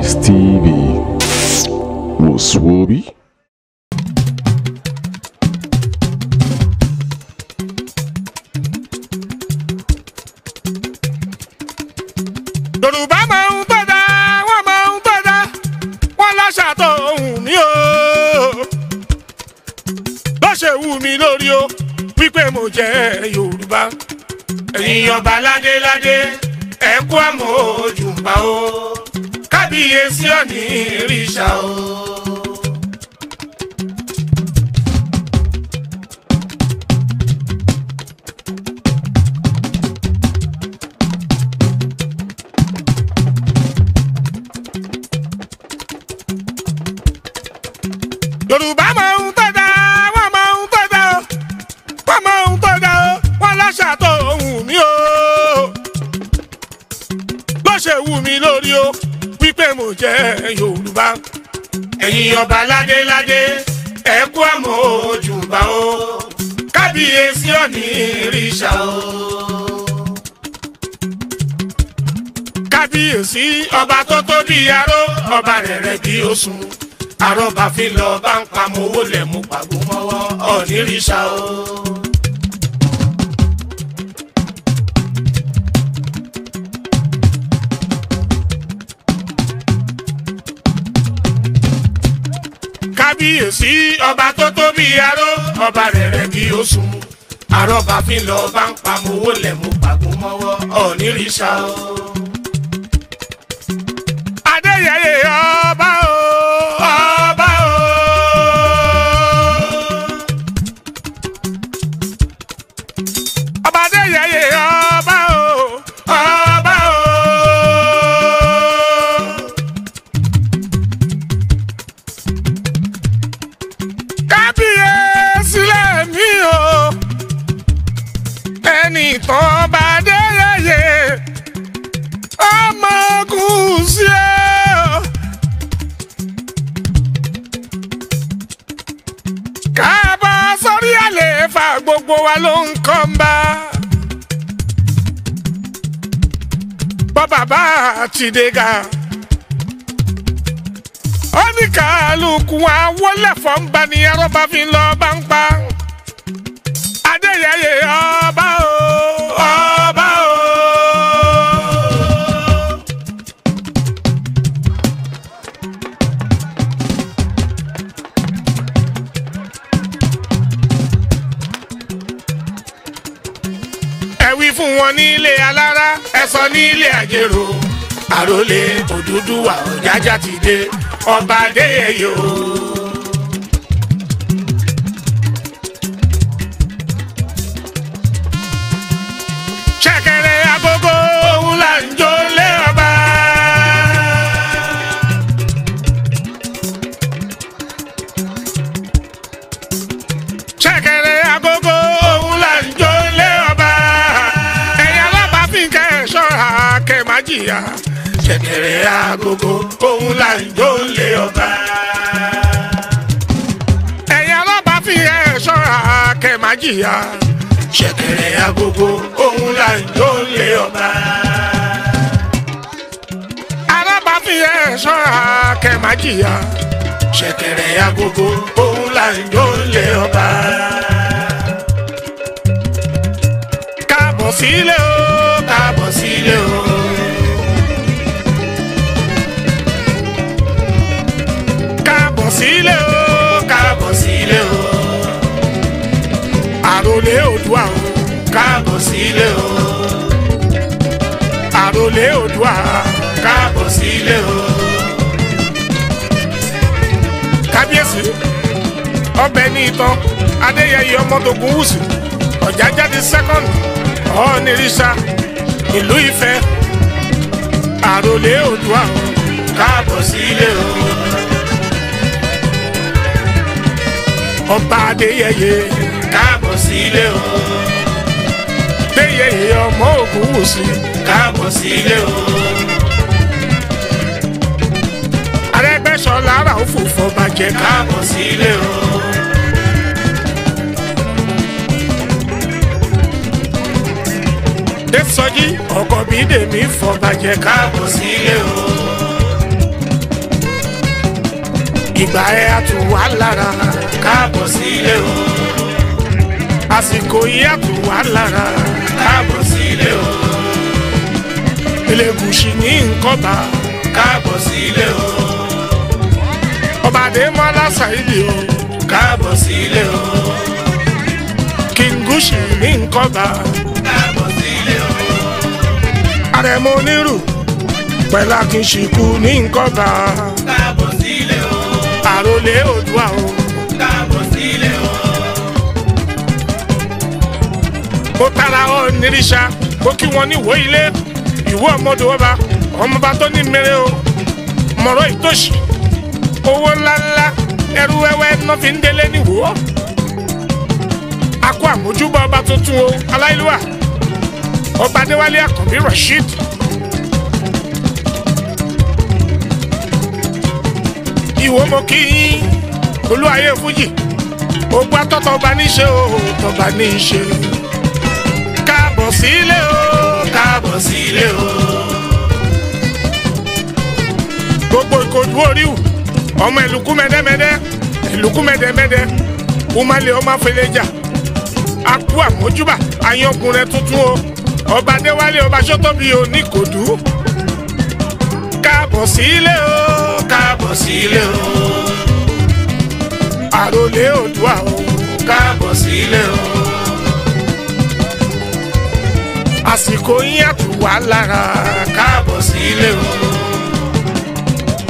Space TV Muswobi. Yorùbá máa ń gbọ́dá, wọ́n máa ń gbọ́dá, wọ́n láṣà tó ohùn mi o. Bó ṣe wù mí lórí o, wípé mo jẹ́ Yorùbá. Ládé. ládé. ayé Síónì ríṣà o. Yorùbá máa ń tó wọ́n máa ń tó o wọ́n máa ń tó o wọ́n láṣà tó ohun mi o bó ṣe wù mí lórí o pé mo jẹ́ Yorùbá. ẹ̀yin ọba ládéládé ẹ kú àmọ́ òjùmbá o kábíyèsí ọ̀nì ìrìṣà o. kábíyèsí ọba tó tó bí aró ọba rẹ̀ rẹ̀ bí ó sùn àròbàfin bá ń pamọ́ owó lẹ̀ mú pàgọ́ mọ́wọ́ ọ̀nì ìrìṣà o. kábíyèsí ọba tó tóbi aró ọba rẹ̀rẹ̀ kí ó sùn àrọ́bà fi lọ bá ń pa mowó lẹ̀ mú pàgó mọ́wọ́ ọ̀nìrìṣà o. adéyẹyẹ bá gbogbo wa ló ń kọ́ ń bá. bọ́ bàbá àtìdégà ó ní kàálùkù wa wọlé fọ́nba ni arọ́bà fi ń bá ń pa adéyẹyẹ ọba o. wọn nílé alára ẹ sọ nílé àjèrò àròlé Odùduwà Ọjájá ti dé ọba adéyẹyẹ o. òun là ń jó lé ọba. ẹ̀yin ọlọ́ba fi ẹ̀ ṣọ́ra kẹ́ má jìyà. ṣẹ̀kẹ̀rẹ̀ agogo òun là ń jó lé ọba. ọlọ́ba fi ẹ̀ ṣọ́ra kẹ́ má jìyà. ṣẹ̀kẹ̀rẹ̀ agogo òun là ń jó lé ọba. káàbọ̀ sílé o. ilé Oòduà. káàbọ̀ sílé o. kábíyèsí ọbẹ̀ ní ìtàn adéyẹyẹ ọmọdógún wùsù ọ̀jájáde second ọ̀ọ́nìrìṣà ìlú Ifẹ̀ àròlé Oòduà. káàbọ̀ sílé o. ọba adéyẹyẹ. káàbọ̀ sílé o. adéyẹyẹ ọmọ ògúnwùsì káàbọ̀ sílé o. Arẹ́gbẹ́ṣọlá ara ó fòfò bàjẹ́ káàbọ̀ sílé o. Désọjí ọkọ̀ mi dèmí fọ̀ bàjẹ́ káàbọ̀ sílé o. Ìgbà ẹ àtúwà lára káàbọ̀ sílé o. Àsìkò yìí àtúwà lára káàbọ̀ sílé o. Elégùṣì ní Nkọ́ta. káàbọ̀ sí ilé o. ọba Adémọ́lá Saidi o. káàbọ̀ sí ilé o. Kìngùṣì ní Nkọ́ta. káàbọ̀ sí ilé o. Àrẹ̀mọ Onírù pẹ̀lú Akínṣìkú ní Nkọ́ta. káàbọ̀ sí ilé o. Àròlé Oòduà o. káàbọ̀ sí ilé o. mo tara ọ nírìṣà mo kí wọn níwò ilé ìwọ ọmọdé ọba ọmọba tó ní mèrè o mọ̀rọ̀ ìtòṣì owó ńláńlá ẹrú wẹ́wẹ́ náà fi ń délé níwò akọ àmójúbọ ọba tuntun o aláìlúwà ọba adéwálé àkànbí rasheed ìwọ mo kí yín olúwayé fújì ogun atọ́tọ̀ ọba níṣe o tọba níṣe káàbọ̀ sílé o káàbọ̀ sí ilé o. gbogbo ìkojú oríwù ọmọ ìlúkú mẹ́dẹ́mẹ́dẹ́ ìlúkú mẹ́dẹ́mẹ́dẹ́ umale ọmọ afẹlẹjà akú àmójúbà ayankunrẹ tuntun o ọba adéwálé ọba sọtọbi o ní kòdú káàbọ̀ sí ilé o káàbọ̀ sí ilé o àròlé òdùà o káàbọ̀ sí ilé o. àsìkò yín àtù wá lára káàbọ̀ sílé o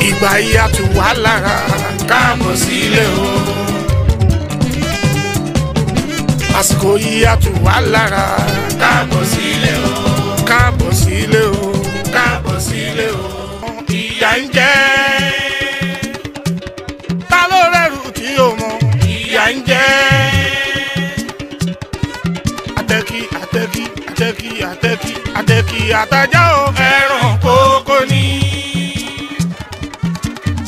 ìgbà yín àtù lára káàbọ̀ sílé o àsìkò yín àtù wá lára káàbọ̀ sílé o. àtajá o ẹran kókó ni.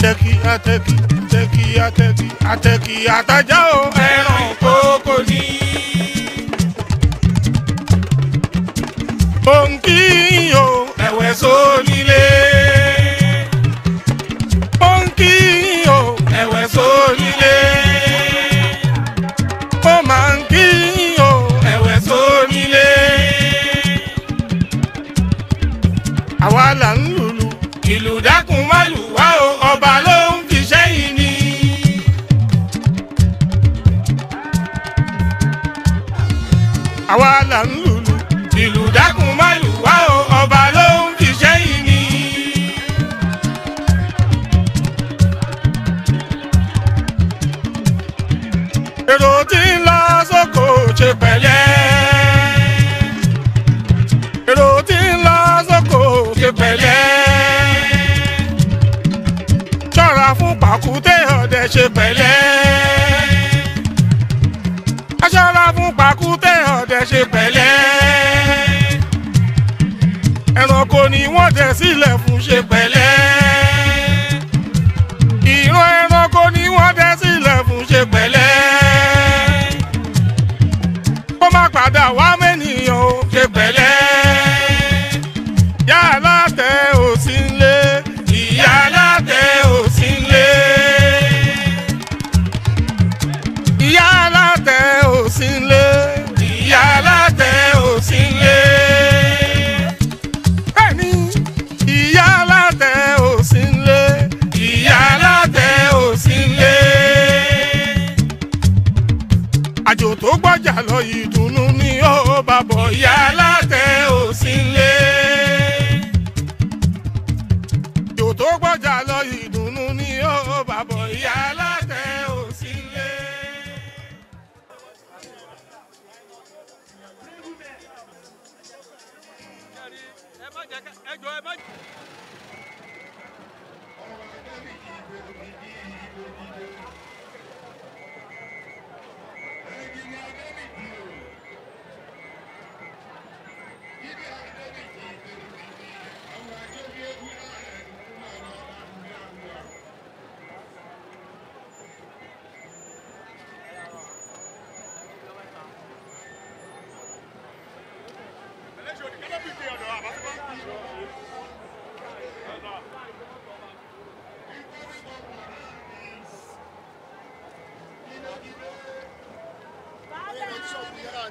tẹ́kì àtẹ́kì tẹ́kì àtẹ́kì àtẹ́kì àtajá o ẹran kókó ni. mo ń kí yín o ẹ̀wẹ̀ sónílé. èrò tí ń lọ sóko ṣe pẹ̀lẹ́.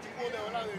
你给我点个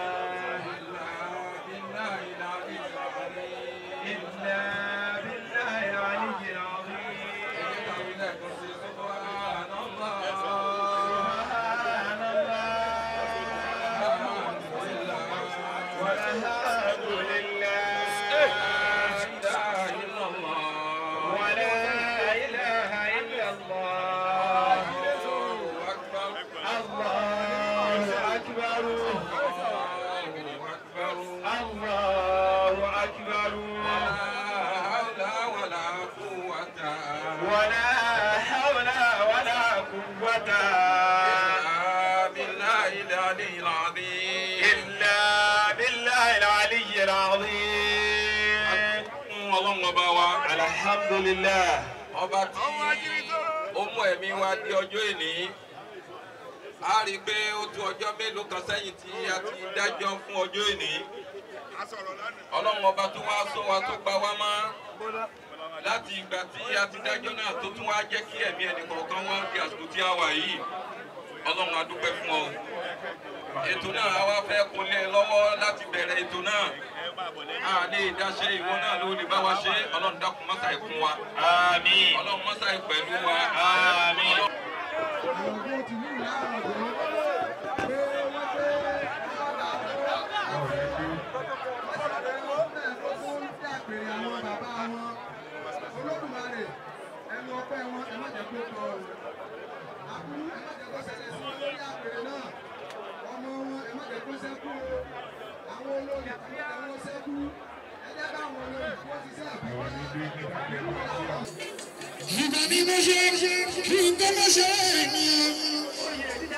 لا بالله العظيم إلا بالله العظيم ọlọ́run ọba wa. alhamdulilayi. ọba tí ó mú ẹ̀mí wa di ọjọ́ ìní a rí i pé ó tu ọjọ́ mélòó kan sẹ́yìn tí a ti dájọ́ fún ọjọ́ ìní ọlọ́run ọba tó wá sọ wa tó pa wá mọ́ láti ìgbà tí a ti dájọ́ náà tó tún wá jẹ́ kí ẹ̀mí ẹnìkọ̀ọ̀kan wọn di àsìkò tí a wà yìí ọlọ́run a fún ọ ètò náà a wá fẹ́ kúnlẹ̀ lọ́wọ́ láti bẹ̀rẹ̀ ètò náà a lè dáṣe ìwọ náà ló lè bá wa ṣe ọlọ́run dákun mọ́sà ìkún wa ọlọ́run mọ́sà ìpẹ̀lú wa. àpètò me ẹ má jẹ́ kó ṣẹlẹ̀ sí olórí àpèrè náà é ní. Oyè dídá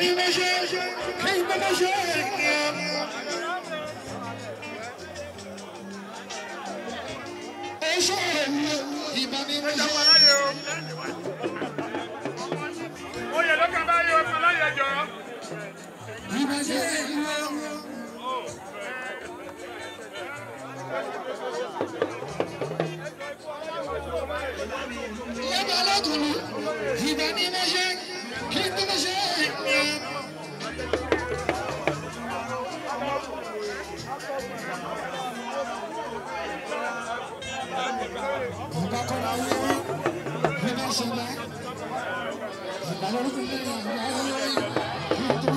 ní mo ṣe kí n Oh ṣe ènìyàn. ó ṣòro mi ìbọn ní mo ṣe. Oh ló kàn bá yọ ọkàn láyé jọ. ìbọn ṣe ènìyàn. Ìyá mi alágùn ni ìbọn ní mo ṣe kí n tó mo ṣe. Thank you.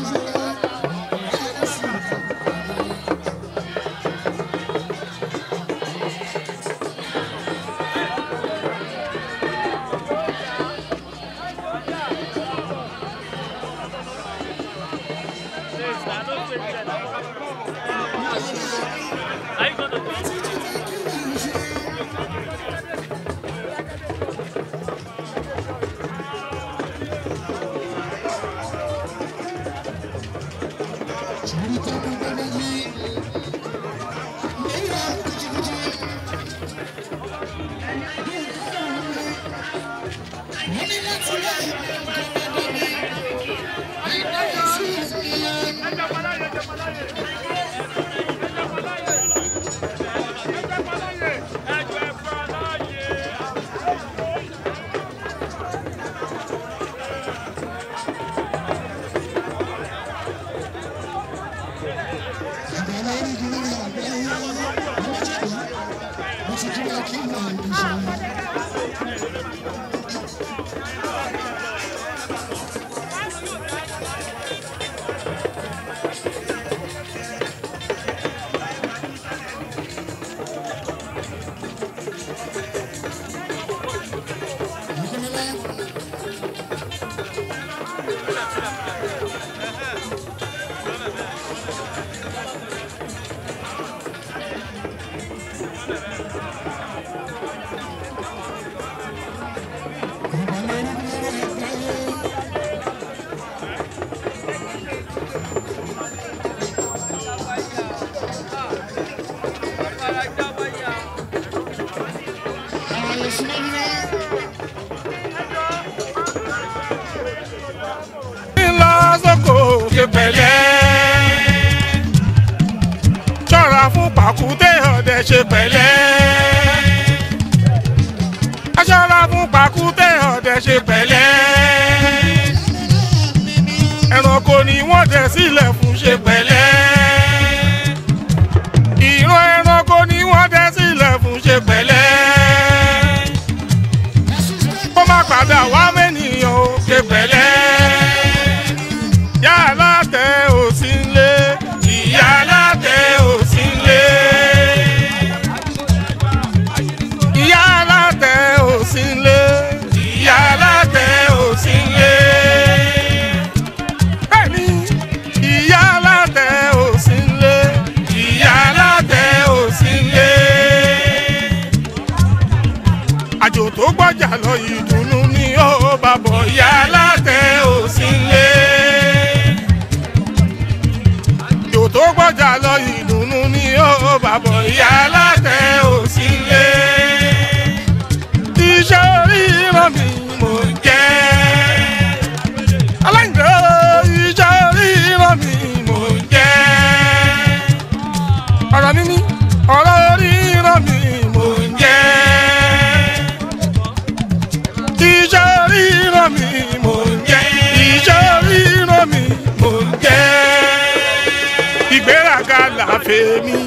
tèmi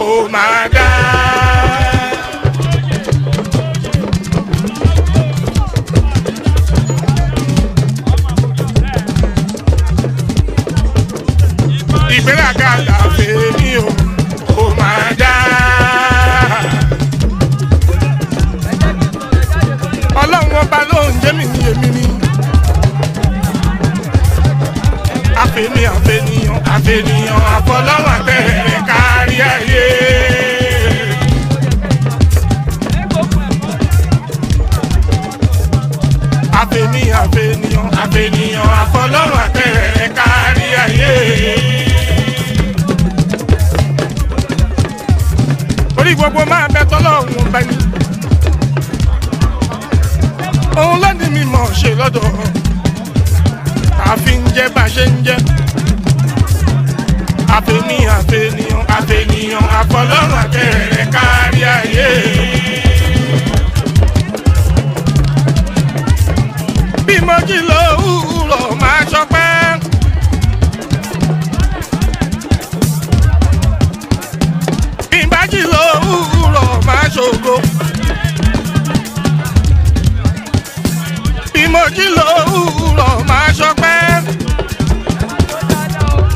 ó máa ga. ìgbéraga là tèmi ó ó máa ga. ọlọ́run ọba ló ń jẹ́ mi ní èmi ni. àfẹ́mi àfẹ́niyàn àfẹ́niyàn àfọlọ́rọ̀. bí lo jí lówùúrọ̀ máa ṣọpẹ́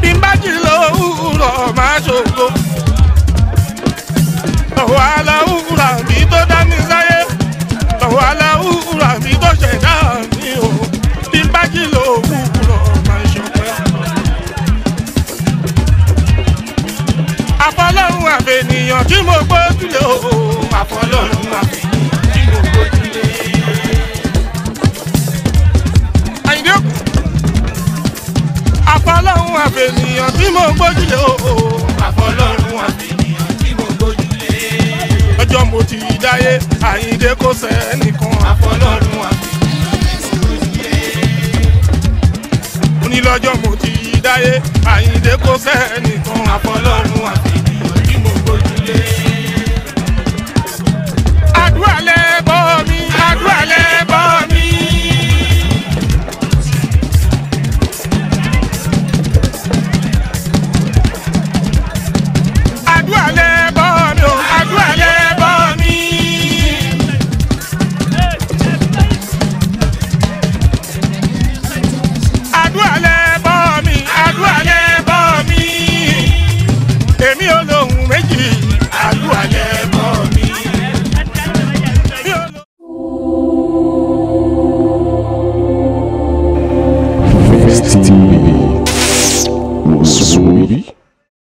bí n bá jí lówùúrọ̀ máa ṣògo lọ́wọ́ aláwùúrà mi tó dá mi sáyé lọ́wọ́ aláwùúrà mi tó ṣẹ̀dá mi o bí n bá jí lówùúrọ̀ máa ṣọpẹ́. àfọlọ́run àfẹnìyàn tí mo gbójúlé o àfọlọ́run àfẹnìyàn. àfọlọ́run àfẹnìyàn tí mò ń gbójúlé o. àfọlọ́run àfẹnìyàn tí mò ń gbójúlé. ọjọ́ mo ti dáyé àyíndé kò sẹ́nìkan. àfọlọ́run àfẹnìyàn tí mò ń gbójúlé. mo ní lọ́jọ́ mo ti dáyé àyíndé kò sẹ́nìkan. àfọlọ́run àfẹnìyàn tí mò ń gbójúlé. àdúrà lẹ́bọ̀ mi.